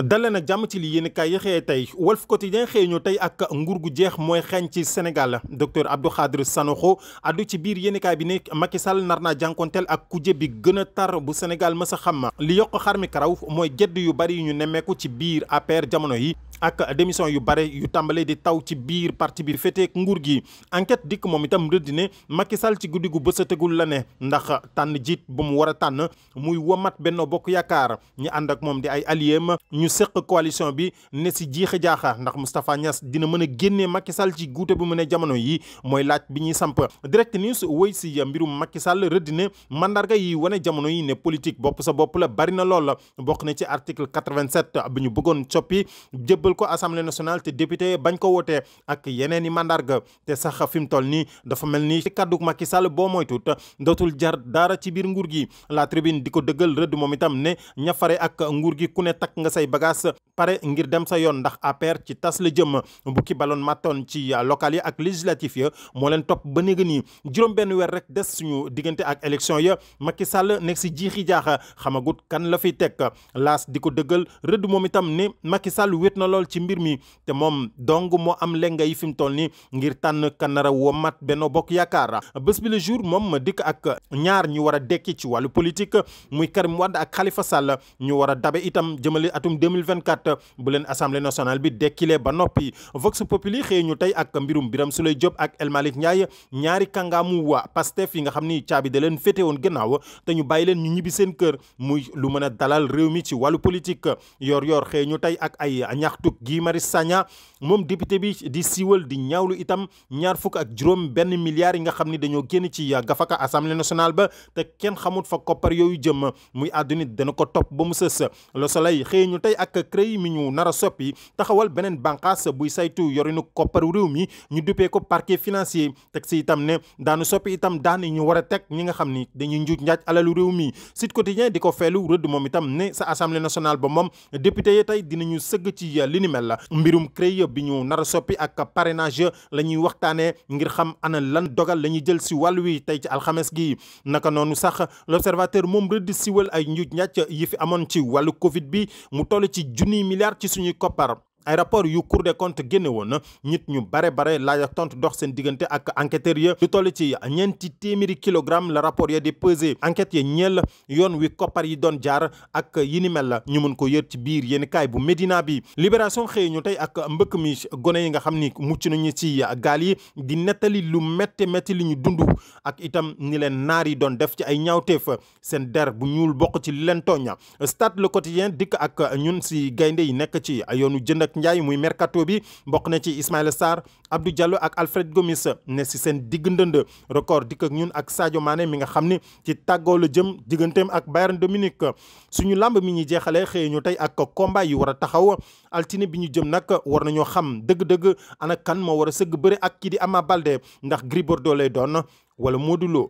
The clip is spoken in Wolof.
dale nag jàmm ci li yéen kaay yi xëyee tey Walf Quotidien xëy tey ak nguur gu jeex mooy xeeñ ci Sénégal docteur Abdou Khadre Sanokho addu ci biir yéen bi ne Macky Sall nar naa jànkonteel ak kuje bi gën tar bu Sénégal mës a xam li yokk xar mi karaw mooy gedd yu bari yu ñu nemmeeku ci biir APR jamono yi ak démission yu bare yu tàmbalee di taw ci biir parti bi féeteek nguur gi enquête dikk moom itam rëdd ne Macky Sall ci guddi gu bësategul la ne ndax tànn jiit bu mu war a tànn muy womat Benno Bokk Yaakaar ñu ànd ak moom di ay alliéem ñu séq coalition bi ne si jiixa jaaxa ndax Moustapha Niass dina mën a génnee Macky Sall ci guute bu mu ne jamono yi mooy laaj bi ñuy samp direct news wëy si mbirum Macky Sall rëdd ne mandarga yi wane jamono yi ne politique bopp sa bopp la bari na lool bokk na ci article 87 bi ñu bëggoon coppi jébbal ko assemblée nationale te député bañ ko wootee ak yeneen i mandarga te sax fi mu toll nii dafa mel ni kaddu Macky Sall boo moytut dootul jar dara ci biir nguur gi la tribune di ko dëggal rëdd moom itam ne ñafare ak nguur gi ku ne takk nga say bagage pare ngir dem sa yoon ndax APR ci tas la jëm bukki baloon mattoon ci local yi ak législatif ya moo leen topp ba néega nii juróom benn weer rek des suñu diggante ak élection ya Macky Sall nekk si jiixi jaaxa xamagut kan la fiy teg laas di ko dëggal rëdd moom itam ni Macky Sall wét na lool ci mbir mi te moom dong moo am lenga yi fi mu toll nii ngir tànn kanara womat Benno Bokk Yaakaar bés bi la jour moom ma dikk ak ñaar ñu war a dekki ci wàllu politique muy Karim Wade ak a dabe itam jëmale bu leen assemblée nationale bi dekkilee ba noppi Vox Populi xëy ñu tey ak mbirum Biram Souleye Diop ak El Malick Ndiaye ñaari kàngaamu waa Pastef yi nga xam ni caabi da leen féete woon gannaaw te ñu bàyyi leen ñu ñibbi seen kër muy lu mën a dalal réew mi ci wàllu politique yor yor xëy ñu tey ak ay ñaxtuk Guy mari Sagna moom député bi di siiwal di ñaaw lu itam ñaar fukk ak juróom benn milliards yi nga xam ni dañoo génn ci gafaka assemblée nationale ba te kenn xamut fa koppar yooyu jëm muy àdduna dana ko topp ba mu mbay mi ñu nar a soppi taxawal beneen bànqaas buy saytu yorinu kopparu réew mi ñu duppee ko parquet financier teg si itam ne daanu soppi itam daan ñu war a teg ñi nga xam ni dañuy njuuj njaaj alalu réew mi Sud Quotidien di ko feelu rëdd moom itam ne sa assemblée nationale ba moom député yi tey dinañu sëgg ci li ni la mbirum CREI bi ñu nar a soppi ak parrainage la ñuy waxtaanee ngir xam ana lan dogal lañu jël si wàll wi tey ci alxames gi naka noonu sax l'observateur moom rëdd siwal ay njuuj yi fi amoon ci junniy ci suñuy koppar ay rapport yu Cour des comptes génne woon na ñit ñu bare bare laaj ak tontu dox seen diggante ak enquêteurs ya lu toll ci ñeenti téeméeri kilogramme la rapport ya di pesé enquête ya ñeel yoon wi koppar yi doon jaar ak yi ni mel la ñu mën ko yër ci biir yéen kaay bu Médina bi libération xëy ñu tey ak mbëkk mi gone yi nga xam ni mucc nañu ci gaal yi di nettali lu métti métti li ñu dund ak itam ni leen naar yi doon def ci ay ñaawteef seen der bu ñuul bokk ci li leen tooñ stade le dikk ak ñun si gaynde yi nekk ci yoonu jënd Malick muy mercato bi bokk na ci Ismaïla Sarr abdu Diallo ak Alfred Gomis ne si seen digg ndënd record dikk ak ñun ak saajo Mané mi nga xam ni ci tàggoo la jëm digganteem ak Bayern de Munich suñu làmb mi ñuy jeexalee xëy ñu tey ak combat yi war a taxaw altine bi ñu jëm nag war nañoo xam dëgg-dëgg ana kan moo war a sëgg bëre ak kii di Ama Baldé ndax Gris Bordeaux lay doon wala moo Modou loo